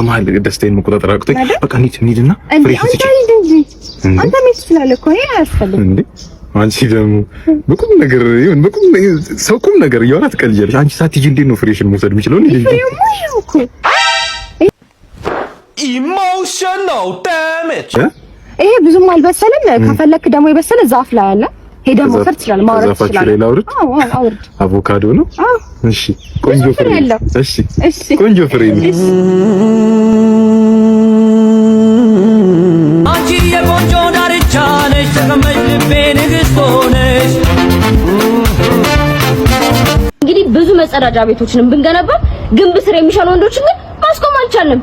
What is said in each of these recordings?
በመሀል ደስታዬን መቆጣጠር አቅቶኝ በቃ እንሂድ እንሂድና አንቺ ደግሞ በቁም ነገር ይሁን በቁም ሰው ቁም ነገር እያወራ ትቀልጃለሽ። አንቺ ሳትሄጂ እንዴት ነው ፍሬሽን መውሰድ የሚችለው? ኢሞሽናል ዳሜጅ ይሄ ብዙም አልበሰለም። ከፈለክ ደግሞ የበሰለ ዛፍ ላይ አለ ሄደህ መውሰድ ትችላለህ። ማውራት ትችላለህ። አውርድ። አቮካዶ ነው። እሺ፣ ቆንጆ ፍሬ ነው። እሺ፣ እሺ፣ ቆንጆ ፍሬ ነው። አንቺ የቆንጆ ዳርቻ ነሽ፣ ተቀመጭ ልቤ ንግስት ሆነሽ። እንግዲህ ብዙ መጸዳጃ ቤቶችንም ብንገነባ ግንብ ስር የሚሻል ወንዶችን ግን ማስቆም አልቻልንም።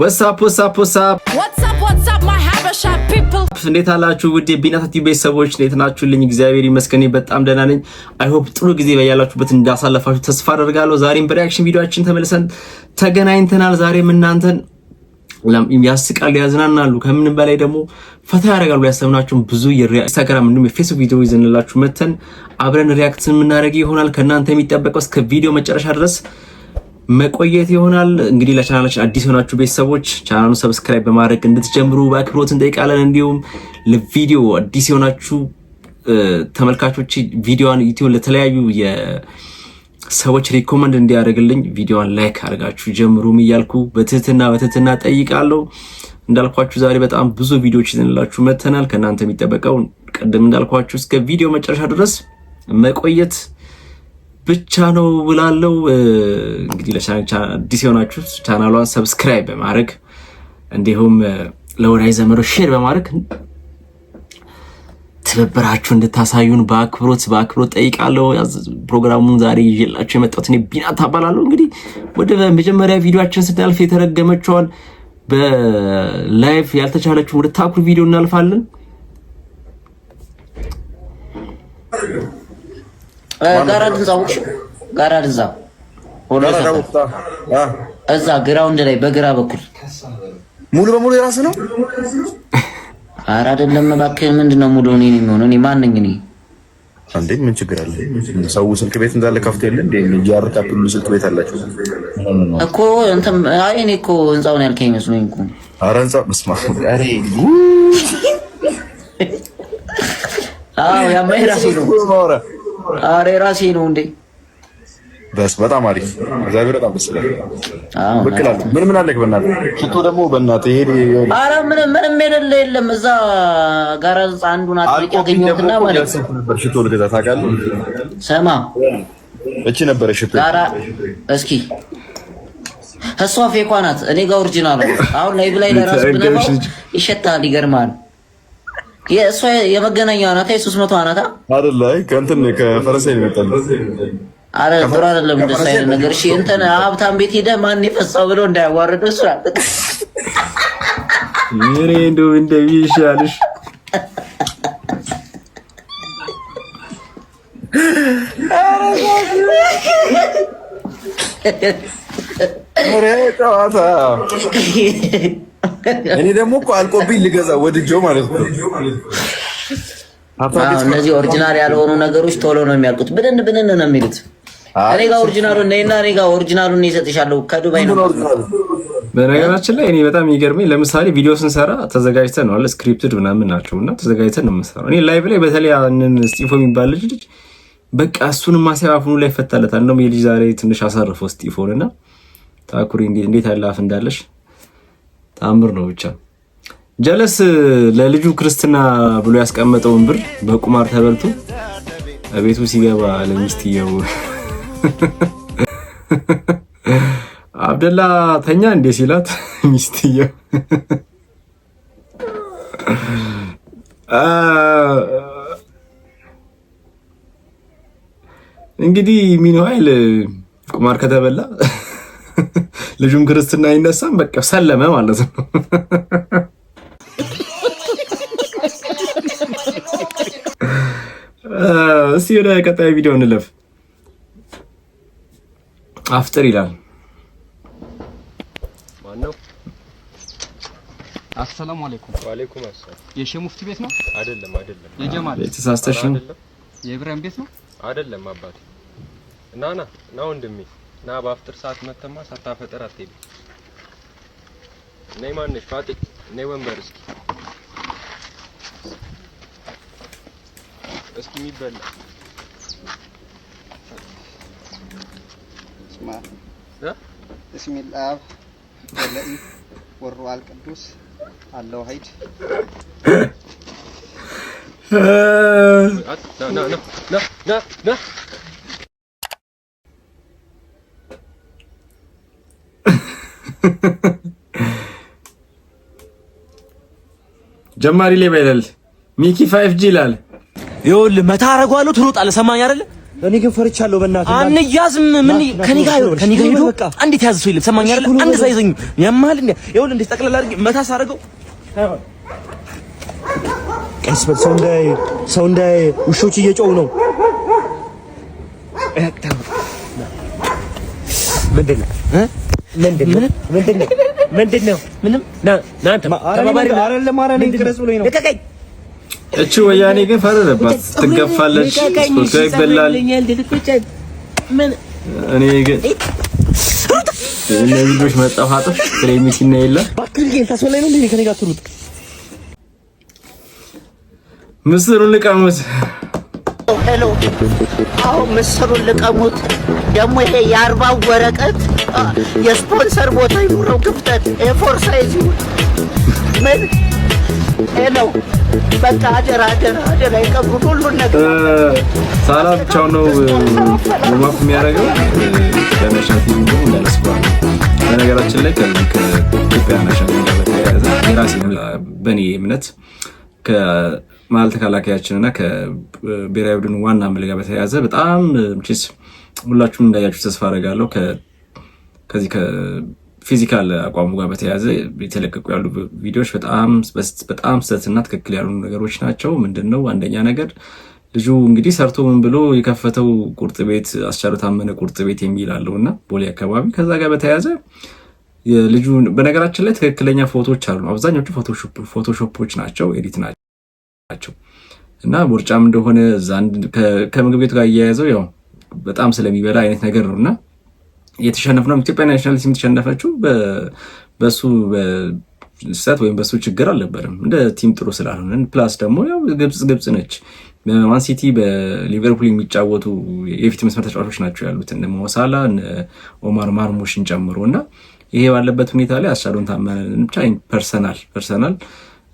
ወሳፕ ወሳፕ ወሳፕ እንዴት አላችሁ? ውድ የቢናታቲ ቤተሰቦች እንዴት ናችሁልኝ? እግዚአብሔር ይመስገን በጣም ደህና ነኝ። አይሆፕ ጥሩ ጊዜ በያላችሁበት እንዳሳለፋችሁ ተስፋ አደርጋለሁ። ዛሬም በሪያክሽን ቪዲዮችን ተመልሰን ተገናኝተናል። ዛሬም እናንተን ያስቃሉ፣ ያዝናናሉ፣ ከምንም በላይ ደግሞ ፈታ ያደርጋሉ። ያሰብናችሁን ብዙ የኢንስታግራም እንዲሁም የፌስቡክ ቪዲዮ ይዘንላችሁ መተን አብረን ሪያክትን የምናደርግ ይሆናል። ከእናንተ የሚጠበቀው እስከ ቪዲዮ መጨረሻ ድረስ መቆየት ይሆናል። እንግዲህ ለቻናላችን አዲስ የሆናችሁ ቤተሰቦች ቻናሉን ሰብስክራይብ በማድረግ እንድትጀምሩ በአክብሮት እንጠይቃለን። እንዲሁም ለቪዲዮ አዲስ የሆናችሁ ተመልካቾች ቪዲዮን ዩቲዩብ ለተለያዩ ሰዎች ሪኮመንድ እንዲያደርግልኝ ቪዲዮን ላይክ አድርጋችሁ ጀምሩም እያልኩ በትህትና በትህትና ጠይቃለሁ። እንዳልኳችሁ ዛሬ በጣም ብዙ ቪዲዮዎች ይዘንላችሁ መተናል። ከእናንተ የሚጠበቀው ቅድም እንዳልኳችሁ እስከ ቪዲዮ መጨረሻ ድረስ መቆየት ብቻ ነው ብላለው። እንግዲህ አዲስ የሆናችሁ ቻናሏን ሰብስክራይብ በማድረግ እንዲሁም ለወዳጅ ዘመዶች ሼር በማድረግ ትብብራችሁ እንድታሳዩን በአክብሮት በአክብሮት ጠይቃለሁ። ፕሮግራሙን ዛሬ ይዤላችሁ የመጣሁት እኔ ቢና ታባላለሁ። እንግዲህ ወደ መጀመሪያ ቪዲዮችን ስናልፍ የተረገመችዋን በላይቭ ያልተቻለችውን ወደ ታኩር ቪዲዮ እናልፋለን። ጋራድ እዛ እዛ ግራውንድ ላይ በግራ በኩል ሙሉ በሙሉ የራስ ነው። አረ አይደለም እባክህ። ምንድን ነው ሙሉ እኔ የሚሆነው? እኔ ማን ነኝ እኔ? አንዴ ምን ችግር አለ? ሰው ስልክ ቤት እንዳለ ከፍቶ የለ እንዴ? ጃር ካፕሉ ስልክ ቤት አላቸው እኮ እንትን። አይ እኔ እኮ ህንፃውን ያልከኝ መስሎኝ እኮ። ኧረ ህንፃ መስማ አሬ አዎ ያማይ ራሱ ነው አሬ ራሴ ነው እንዴ? በስ በጣም አሪፍ እግዚአብሔር በጣም ደስ ይላል። አዎ ብቅላለሁ ምን ምን አለክ? በእናትህ ሽቶ ደግሞ በእናትህ ይሄ ኧረ ምን ምንም የሌለ የለም። እዛ ጋራዝ አንዱን አጥቂ ያገኘሁትና ማለት ነበር ሽቶ ልገዛ ታውቃለህ። ሰማ እቺ ነበረ ሽቶ ጋራ እስኪ እሷ ፌኳ ናት፣ እኔ ጋር ኦሪጂናል ነው። አሁን ላይ ብላይ ለራስ ብነባው ይሸታል፣ ይገርማል የእሷ የመገናኛዋ ናታ የሶስት መቶ ናታ አይደለ? ከእንትን ከፈረንሳይ ይመጣል። አረ ጥሩ አይደለም እንደሱ አይነት ነገር። እሺ እንትን ሀብታም ቤት ሄደ ማን የፈሳው ብሎ እንዳያዋርደው እሱ ምን እንደው እንደሚሻልሽ ጨዋታ እኔ ደግሞ እኮ አልቆብኝ ልገዛ ወድጆ ማለት ነው። እነዚህ ኦሪጂናል ያልሆኑ ነገሮች ቶሎ ነው የሚያልቁት። ብንን ብንን ነው የሚሉት። እኔ ጋ ኦሪጂናሉ እና እኔ ጋ ኦሪጂናሉ ይሰጥሻለሁ። ከዱባይ ነው። በነገራችን ላይ እኔ በጣም የሚገርመኝ ለምሳሌ ቪዲዮ ስንሰራ ተዘጋጅተን ነው አለ ስክሪፕትድ ምናምን ናቸው እና ተዘጋጅተን ነው የምንሰራው። እኔ ላይቭ ላይ በተለይ ያንን ስጢፎ የሚባል ልጅ ልጅ በቃ እሱን ማሰባፍኑ ላይ ፈታለታል። እንደውም የልጅ ዛሬ ትንሽ አሳርፎ ስጢፎን እና ታኩሪ እንዴት ያለ አፍ እንዳለሽ ተአምር ነው ብቻ። ጀለስ ለልጁ ክርስትና ብሎ ያስቀመጠውን ብር በቁማር ተበልቶ ቤቱ ሲገባ ለሚስትየው አብደላ ተኛ እንዴ ሲላት ሚስትየው እንግዲህ ሚን ቁማር ከተበላ ልጁም ክርስትና ይነሳም በቃ ሰለመ ማለት ነው። እስቲ ወደ ቀጣይ ቪዲዮ እንለፍ። አፍጥር ይላል። ማነው? አሰላሙ አለይኩም። ወአለይኩም አሰላም። የሼህ ሙፍቲ ቤት ነው? አይደለም፣ አይደለም። የጀማል የተሳስተሽ ነው? የኢብራሂም ቤት ነው? አይደለም። አባቴ ናና ና ወንድሜ ና በአፍጥር ሰዓት መተማ ሳታፈጠር አትሄድም። ነይ ማነሽ ፋጢ ነይ ወንበር እስኪ እስኪ የሚበላ እስሚል አብ ወለኢ ወሩ አልቅዱስ አለው ሀይድ ና ና ና ና ጀማሪ ሌባ ይላል ሚኪ ፋይፍ ጂ ይላል። ይኸውልህ መታ አደርገዋለሁ ትሮጣለህ። ሰማኝ አይደለ? እኔ ግን ፈርቻለሁ። በእናትህ አንያዝም። ምን ከኔ ጋር ከኔ ጋር ሄዶ አንዴት የተያዘ ሰው የለም። ሰማኸኝ አይደለ? አንድ እዛ ይዘኝ ያማል። እንዴ ይኸውልህ፣ እንዴት ጠቅለል አድርጌ መታ ሳደርገው ቀስ በል ሰው እንዳይ ሰው እንዳይ ውሾች እየጮሁ ነው። ምንድን ነው ምንድን እቺ ወያኔ ግን ፈረደባት። ትገፋለች፣ ስፖርት ይበላል። እኔ ግን እነዚህ ልጆች መጠፋጠፍ ስለሚችና የለ ምስሩን ልቀሙት። አሁን ምስሩን ልቀሙት። ደግሞ ይሄ የአርባው ወረቀት የስፖንሰር ቦታ ይኑረው ክፍተት ኤፎር ሳይዝ ምን ነው በቃ አደራ አደራ አደራ ይቀብሩት ሁሉን ነገር። ሳላ ብቻው ነው ማፍ የሚያደርገው ለመሻት የሚሆ ለስባ በነገራችን ላይ ከኢትዮጵያ መሻት ጋር በተያያዘ የራሴ በእኔ እምነት መሀል ተከላካያችን እና ከብሔራዊ ቡድን ዋና መለያ ጋር በተያያዘ በጣም ስ ሁላችሁም እንዳያችሁ ተስፋ አደርጋለሁ። ከዚህ ከፊዚካል አቋሙ ጋር በተያያዘ የተለቀቁ ያሉ ቪዲዮዎች በጣም ስህተትና ትክክል ያሉ ነገሮች ናቸው። ምንድን ነው አንደኛ ነገር ልጁ እንግዲህ ሰርቶ ምን ብሎ የከፈተው ቁርጥ ቤት አስቻለው ታመነ ቁርጥ ቤት የሚል አለው እና ቦሌ አካባቢ ከዛ ጋር በተያያዘ ልጁ በነገራችን ላይ ትክክለኛ ፎቶዎች አሉ። አብዛኛዎቹ ፎቶሾፖች ናቸው፣ ኤዲት ናቸው። ናቸው እና ቦርጫም እንደሆነ ከምግብ ቤቱ ጋር እያያዘው ያው በጣም ስለሚበላ አይነት ነገር ነው እና ነው ኢትዮጵያ ናሽናል ቲም የተሸነፈችው በሱ ስህተት ወይም በሱ ችግር አልነበረም፣ እንደ ቲም ጥሩ ስላልሆነ ፕላስ ደግሞ ያው ግብፅ ግብፅ ነች። በማን ሲቲ በሊቨርፑል የሚጫወቱ የፊት መስመር ተጫዋቾች ናቸው ያሉት እነ ሞሳላ ኦማር ማርሙሽን ጨምሮ እና ይሄ ባለበት ሁኔታ ላይ አስቻሉን ታመነ ብቻ ፐርሰናል ፐርሰናል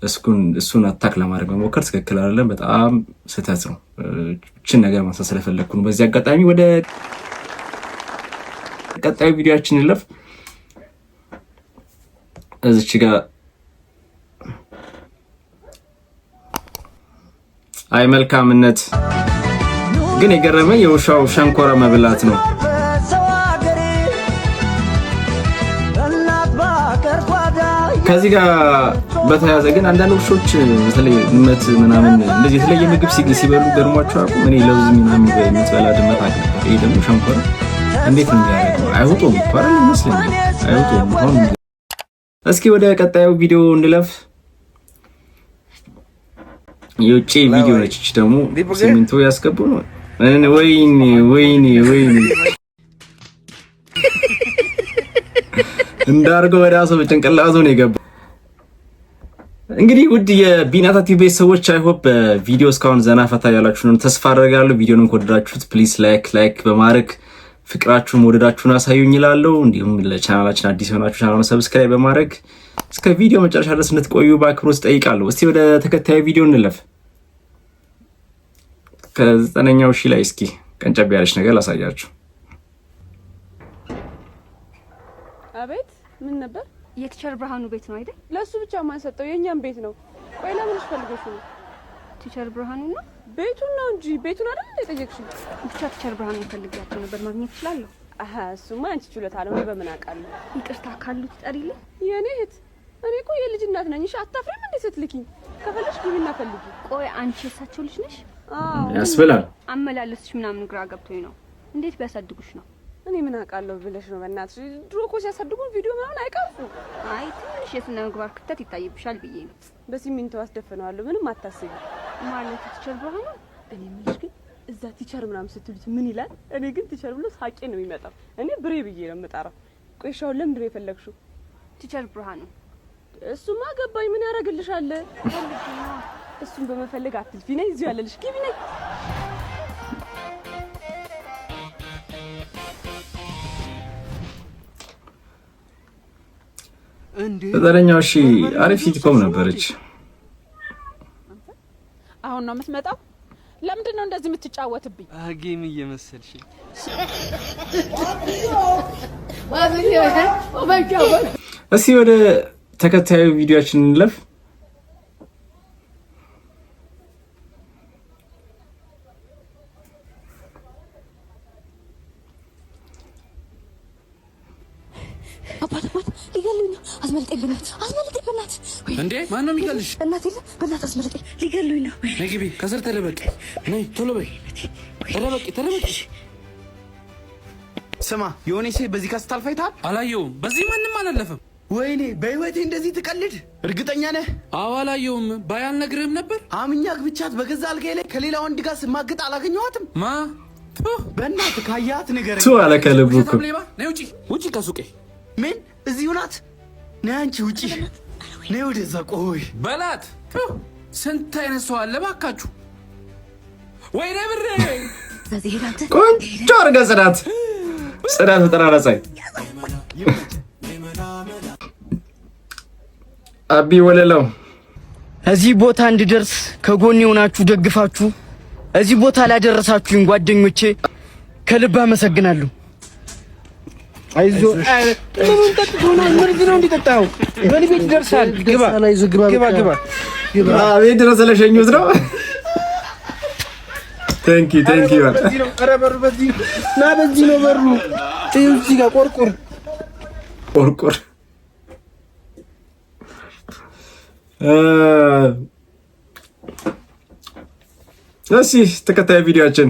እሱን አታክ ለማድረግ መሞከር ትክክል አይደለም፣ በጣም ስህተት ነው። እችን ነገር ማንሳት ስለፈለግኩ ነው። በዚህ አጋጣሚ ወደ ቀጣዩ ቪዲዮችን እንለፍ። እዚች ጋር አይ መልካምነት ግን የገረመኝ የውሻው ሸንኮራ መብላት ነው። ከዚህ ጋር በተያያዘ ግን አንዳንድ ውሾች በተለይ ድመት ምናምን እንደዚህ የተለየ ምግብ ሲበሉ ገርሟቸው አቁ እኔ ለብዙ ምናምን የምትበላ ድመት አለ። ይህ ደግሞ ሸንኮር እንዴት እንዲያደርግ አይውጡም ኳራ ይመስለኝ አይውጡም አሁን እስኪ ወደ ቀጣዩ ቪዲዮ እንድለፍ። የውጭ ቪዲዮ ነች ደግሞ ሲሚንቶ ያስገቡ ነው። ወይኔ ወይኔ ወይኔ እንዳርገው ወደ አሰብ ጭንቅላቱ ነው የገባው። እንግዲህ ውድ የቢናታ ቲቪ ቤተሰቦች አይሆን በቪዲዮ እስካሁን ዘና ፈታ ያላችሁ ነው ተስፋ አደርጋለሁ። ቪዲዮን ከወደዳችሁት ፕሊስ ላይክ ላይክ በማድረግ ፍቅራችሁን ወደዳችሁን አሳዩኝ እላለሁ። እንዲሁም ለቻናላችን አዲስ የሆናችሁ ቻናሉን ሰብስክራይብ በማድረግ እስከ ቪዲዮ መጨረሻ ድረስ እንድትቆዩ በአክብሮት ጠይቃለሁ። እስቲ ወደ ተከታዩ ቪዲዮ እንለፍ። ከዘጠነኛው ሺህ ላይ እስኪ ቀንጨብ ያለች ነገር ላሳያችሁ። ምን ነበር? የቲቸር ብርሃኑ ቤት ነው አይደል? ለሱ ብቻ ማን ሰጠው? የእኛም ቤት ነው። ቆይ ለምን ፈልገሽ ነው? ቲቸር ብርሃኑ ነው ቤቱን ነው እንጂ ቤቱን አይደል እንደ ብቻ ቲቸር ብርሃኑ ፈልጊያቸው ነበር ማግኘት እችላለሁ? አሀ እሱማ አንቺ ችሎታ አለው ነው በምን አውቃለሁ። ይቅርታ ካሉት ትጠሪልኝ። የእኔ እህት እኔ እኮ የልጅ እናት ነኝ። እሺ አታፍሪም እንዴ ስትልኪኝ? ከፈለሽ ግቢና ፈልጊ። ቆይ አንቺ የሳቸው ልጅ ነሽ? አዎ ያስብላል። አመላለስሽ ምናምን ግራ ገብቶኝ ነው። እንዴት ቢያሳድጉሽ ነው እኔ ምን አውቃለሁ ብለሽ ነው? በእናትሽ ድሮ እኮ ሲያሳድጉን ቪዲዮ ምናምን አይቀርጹ። አይ ትንሽ የስነ ምግባር ክፍተት ይታይብሻል ብዬ ነው። በሲሚንቶ አስደፍነዋለሁ፣ ምንም አታስቢ ማለት ትችል በኋላ እኔ የምልሽ ግን እዛ ቲቸር ምናምን ስትሉት ምን ይላል? እኔ ግን ቲቸር ብሎ ሳቄ ነው የሚመጣው። እኔ ብሬ ብዬ ነው የምጠራው። ቆሻው ለምንድን ነው የፈለግሽው? ቲቸር ብርሃኑ እሱማ ገባኝ። ምን ያደርግልሻል? እሱን በመፈለግ አትልፊ ነይ እዚሁ ያለልሽ ግቢ ነይ ዘጠነኛው ሺ አሪፍ ሲትኮም ነበረች። አሁን ነው የምትመጣው? ለምንድን ነው እንደዚህ የምትጫወትብኝ? ጌም እየመሰልሽ እስኪ ወደ ተከታዩ ቪዲዮችን እንለፍ። ማነው የሚገልሽ? እናቴ በእናትህ አስመልጠኝ፣ ሊገሉኝ ነው። ነይ ግቢ፣ ከስር ተደበቂ። ነይ ቶሎ በይ፣ ተደበቂ፣ ተደበቂ። ስማ የሆነ ሴት በዚህ ጋር ስታልፍ አይተሃል? አላየሁም። በዚህ ማንም አላለፈም። ወይኔ በህይወቴ እንደዚህ ትቀልድ? እርግጠኛ ነህ? አዎ፣ አላየሁም። ባይ አልነግርህም ነበር። አምኛ ግብቻት በገዛ አልጋዬ ላይ ከሌላ ወንድ ጋር ስማግጥ አላገኘኋትም። ማ በእናትህ ካያት ንገረኝ። ቱ አለ ከልቡ እኮ ውጪ፣ ውጪ ከሱቄ ምን እዚሁ ናት። ነይ አንቺ ውጪ ነይ ወደዛ። ቆይ በላት። ስንት አይነት ሰው አለ ባካችሁ። ወይ ነይ ብሬ። ቆንጆ አርጋ ጽዳት ጽዳት ተጠራረጸኝ። አቢ ወለላው እዚህ ቦታ እንድደርስ ከጎን የሆናችሁ ደግፋችሁ እዚህ ቦታ ላደረሳችሁኝ ጓደኞቼ ከልብ አመሰግናለሁ። አይዞህ ምኑን ጠጥቶ ነው? ምርዝ ነው ይደርሳል? ግባ ግባ ግባ ነው። ኧረ በሩ በዚህ ና፣ በዚህ ነው በሩ። ይኸው እዚህ ጋር ቆርቆር ቆርቆር። እስኪ ተከታይ ቪዲዮአችን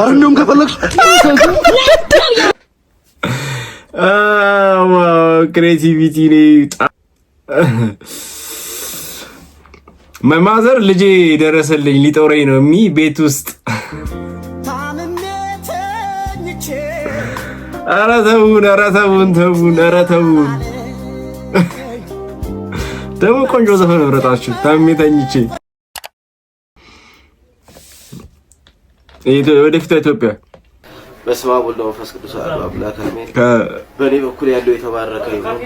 አረንዶም ከፈለግሽ ክሬቲቪቲ መማዘር ልጄ ደረሰልኝ ሊጦረኝ ነው የሚ ቤት ውስጥ ኧረ ተውን ኧረ ተውን ተውን ኧረ ተውን። ደግሞ ቆንጆ ዘፈን መረጣችሁ ታሜ ተኝቼ ወደፊቷ ኢትዮጵያ በስመ አብ ወወልድ ወመንፈስ ቅዱስ አሐዱ አምላክ አሜን። በእኔ በኩል ያለው የተባረከ ይሁን።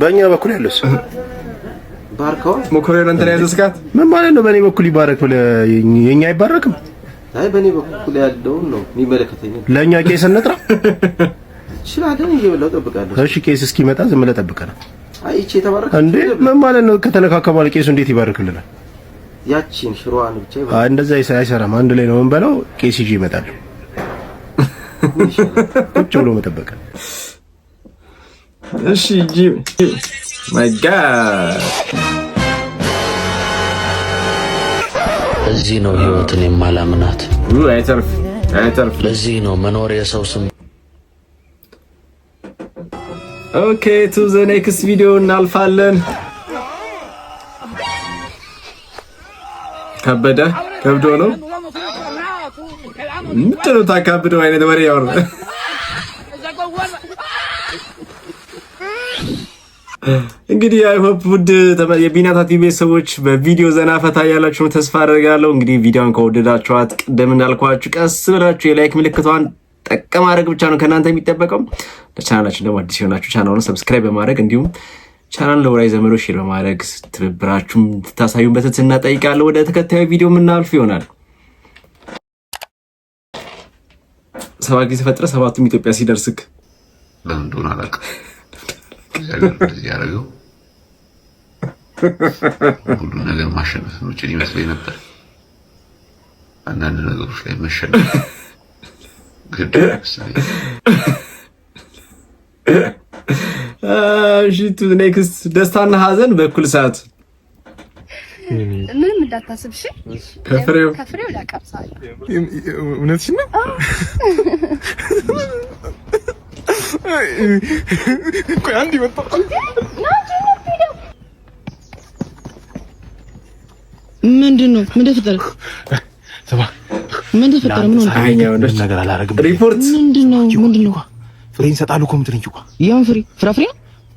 በእኛ በኩል ያለው ባርከው መኮረን እንትን ያዘዝካት ምን ማለት ነው? በእኔ በኩል ይባረክ ብለህ የኛ አይባረክም። አይ በእኔ በኩል ያለው ነው የሚመለከተኝ። ለኛ ቄስ እንጥራ ይችላልን? እየበላሁ እጠብቃለሁ። እሺ ቄስ እስኪመጣ ዝም ብለህ ጠብቀናል። አይ እቺ የተባረከ እንዴ ምን ማለት ነው? ከተነካከባል ቄሱ እንዴት ይባርክልናል? ያቺን ሽሮዋን ብቻ ይባላል። እንደዛ አይሰራም። አንድ ላይ ነው የምንበላው። ቄስ ይዤ ይመጣል። ቁጭ ብሎ መጠበቅ። እሺ ጂ ማይ ጋድ ለዚህ ነው ህይወትን የማላምናት። አይተርፍ አይተርፍ። ለዚህ ነው መኖር የሰው ስም። ኦኬ ቱ ዘ ኔክስት ቪዲዮ እናልፋለን። ከበደ ከብዶ ነው ምንድነው ታካብደው አይነት ወሬ ያወር እንግዲህ አይ ሆፕ ውድ የቢናታ ቲቪ ሰዎች በቪዲዮ ዘና ፈታ ያላችሁን ተስፋ አደርጋለሁ። እንግዲህ ቪዲዮን ከወደዳችኋት ቅድም እንዳልኳችሁ ቀስ ብላችሁ የላይክ ምልክቷን ጠቅ ማድረግ ብቻ ነው ከእናንተ የሚጠበቀው። ለቻናላችን ደግሞ አዲስ የሆናችሁ ቻናሉን ሰብስክራይብ በማድረግ እንዲሁም ቻናል ለወዳጅ ዘመዶች ሼር በማድረግ ትብብራችሁን እንድታሳዩን በትህትና እጠይቃለሁ። ወደ ተከታዩ ቪዲዮ የምናልፍ ይሆናል። ሰባት ጊዜ ተፈጥረ ሰባቱም ኢትዮጵያ ሲደርስክ ለምን እንደሆነ አላውቅም። ያደረገው ነገር ማሸነፍ ነው ይመስለኝ ነበር። አንዳንድ ነገሮች ላይ መሸነፍ ግድ ይመስለኛል። ሺቱ ኔክስት ደስታና ሀዘን በእኩል ሰዓት ምንም እንዳታስብ። እሺ ከፍሬው ከፍሬው ላቀብሳለሁ። እውነትሽ ነው። ቆይ አንድ ይወጣ ምንድን ነው? ምን ተፈጠረ? ሰባ ምን ተፈጠረ? ምን ሆነ? ነገር አላረግም። ሪፖርት ምንድን ነው? ምንድን ነው? ፍሬን ሰጣሉ እኮ የምትለኝ እኮ ያን ፍሬ ፍራፍሬ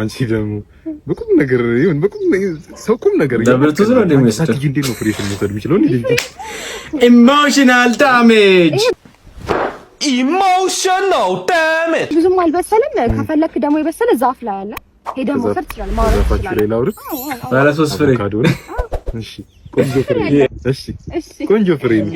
አንቺ ደግሞ በቁም ነገር ይሁን በቁም ነገር ሰው ቁም ነገር ኢሞሽናል ዳሜጅ ኢሞሽናል ዳሜጅ ብዙም አልበሰለም። ከፈለክ ደግሞ የበሰለ ዛፍ ላይ አለ ሄደህ መውሰድ ትችላለህ። ቆንጆ ፍሬ ነው።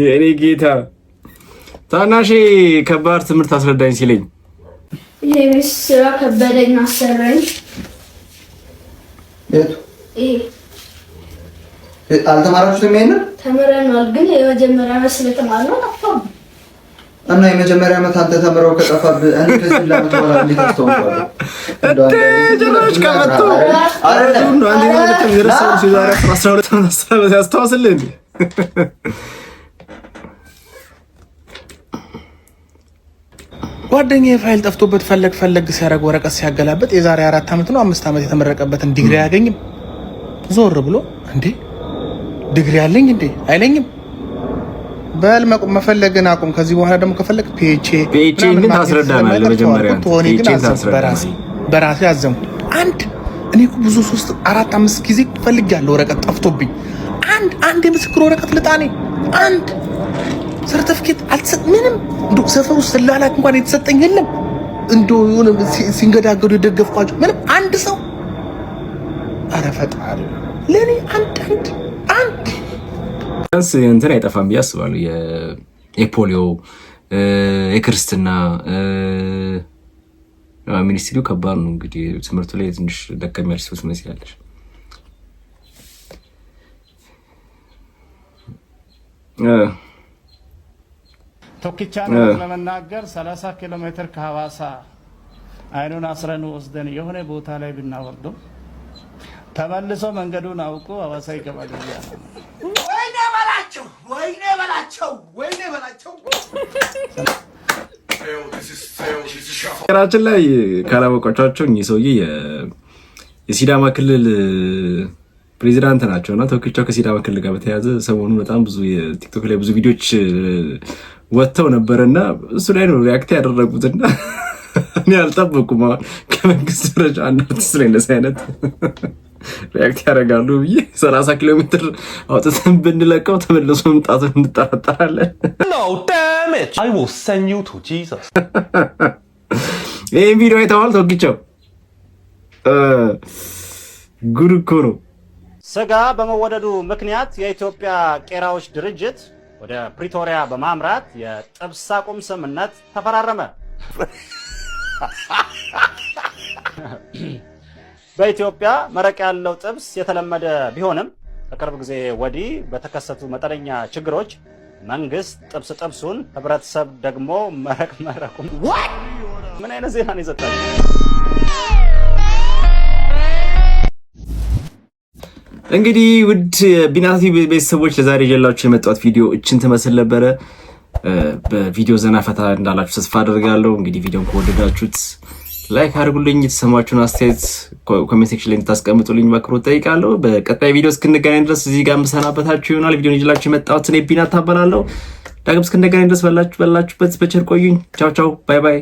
የእኔ ጌታ ታናሽ ከባድ ትምህርት አስረዳኝ ሲለኝ የቤት ስራ ከበደኝ አሰራኝ። አልተማራችሁትም? ይሄንን ተምረናል፣ ግን የመጀመሪያ ዓመት ስለተማርነው ጠፋብን እና የመጀመሪያ ዓመት አንተ ተምረው ከጠፋብህ እኔ ከዚህ ለዓመት በኋላ እንዴት አረዱ ነው አንዴ ማለት ተምረሰው ሲዛራ 12 ያስታውስልህ እንዴ ጓደኛ የፋይል ጠፍቶበት ፈለግ ፈለግ ሲያደርግ ወረቀት ሲያገላበጥ የዛሬ አራት ዓመት ነው አምስት ዓመት የተመረቀበትን ዲግሪ አያገኝም። ዞር ብሎ እንዴ ዲግሪ አለኝ እንዴ አይለኝም። በል መፈለግን አቁም። ከዚህ በኋላ ደግሞ ከፈለግ ፔቼ ግን ታስረዳናለህ። በራሴ አዘንኩ። አንድ እኔ እኮ ብዙ ሶስት አራት አምስት ጊዜ ፈልጌያለሁ ወረቀት ጠፍቶብኝ፣ አንድ አንድ የምስክር ወረቀት ልጣኔ አንድ ሰርተፍኬት አልሰጥ ምንም እንዶ ሰፈር ውስጥ ስላላክ እንኳን የተሰጠኝ የለም። እንዶ የሆነ ሲንገዳገዱ የደገፍኳቸው ምንም አንድ ሰው ኧረ ፈጣሪ ለእኔ አንድ አንድ አንድ ስ እንትን አይጠፋም ብዬ አስባለሁ። የፖሊዮ የክርስትና ሚኒስትሪው ከባድ ነው እንግዲህ ትምህርቱ ላይ ትንሽ ደከም ያልሽ ሰው ትመስያለሽ። Yeah. ቶኪቻ ነው ለመናገር 30 ኪሎ ሜትር ከሐዋሳ አይኑን አስረን ወስደን የሆነ ቦታ ላይ ብናወርደው ተመልሶ መንገዱን አውቆ ሐዋሳ ይገባል። ወይኔ በላቸው፣ ወይኔ በላቸው፣ ወይኔ በላቸው። ሀገራችን ላይ ካላወቃቸው እኚህ ሰውዬ የሲዳማ ክልል ፕሬዚዳንት ናቸው እና ቶኪቻው ከሲዳማ ክልል ጋር በተያያዘ ሰሞኑን በጣም ብዙ የቲክቶክ ላይ ብዙ ቪዲዮዎች ወጥተው ነበረና እሱ ላይ ነው ሪያክት ያደረጉትና እኔ አልጠበኩም። አሁን ከመንግስት ደረጃ አንድ አርቲስት ላይ እንደዚህ አይነት ሪያክት ያደርጋሉ ብዬ ሰላሳ ኪሎ ሜትር አውጥተን ብንለቀው ተመልሶ መምጣቱን እንጠራጠራለን። ይህም ቪዲዮ አይተዋል ተወግቸው ጉድ እኮ ነው። ስጋ በመወደዱ ምክንያት የኢትዮጵያ ቄራዎች ድርጅት ወደ ፕሪቶሪያ በማምራት የጥብስ አቁም ስምምነት ተፈራረመ። በኢትዮጵያ መረቅ ያለው ጥብስ የተለመደ ቢሆንም ከቅርብ ጊዜ ወዲህ በተከሰቱ መጠነኛ ችግሮች መንግስት ጥብስ ጥብሱን፣ ህብረተሰብ ደግሞ መረቅ መረቁን። ምን አይነት ዜና ነው የሰጣችሁ? እንግዲህ ውድ ቢናቲ ቤተሰቦች ለዛሬ ጀላችሁ የመጣሁት ቪዲዮ እችን ትመስል ነበረ። በቪዲዮ ዘና ፈታ እንዳላችሁ ተስፋ አደርጋለሁ። እንግዲህ ቪዲዮን ከወደዳችሁት ላይክ አድርጉልኝ፣ የተሰማችሁን አስተያየት ኮሜንት ሴክሽን ላይ እንድታስቀምጡልኝ በአክብሮት ጠይቃለሁ። በቀጣይ ቪዲዮ እስክንገናኝ ድረስ እዚህ ጋር የምሰናበታችሁ ይሆናል። ቪዲዮን ይዤላችሁ የመጣሁት እኔ ቢናታ እባላለሁ። ዳግም እስክንገናኝ ድረስ በላችሁበት በቸር ቆዩኝ። ቻው ቻው፣ ባይ ባይ።